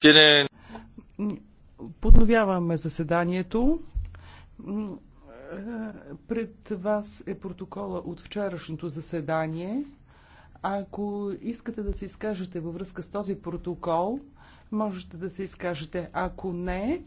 Tienen... Подновяваме заседанието. Пред вас е протокола от вчерашното заседание. Ако искате да се изкажете във връзка с този протокол, можете да се изкажете. Ако не,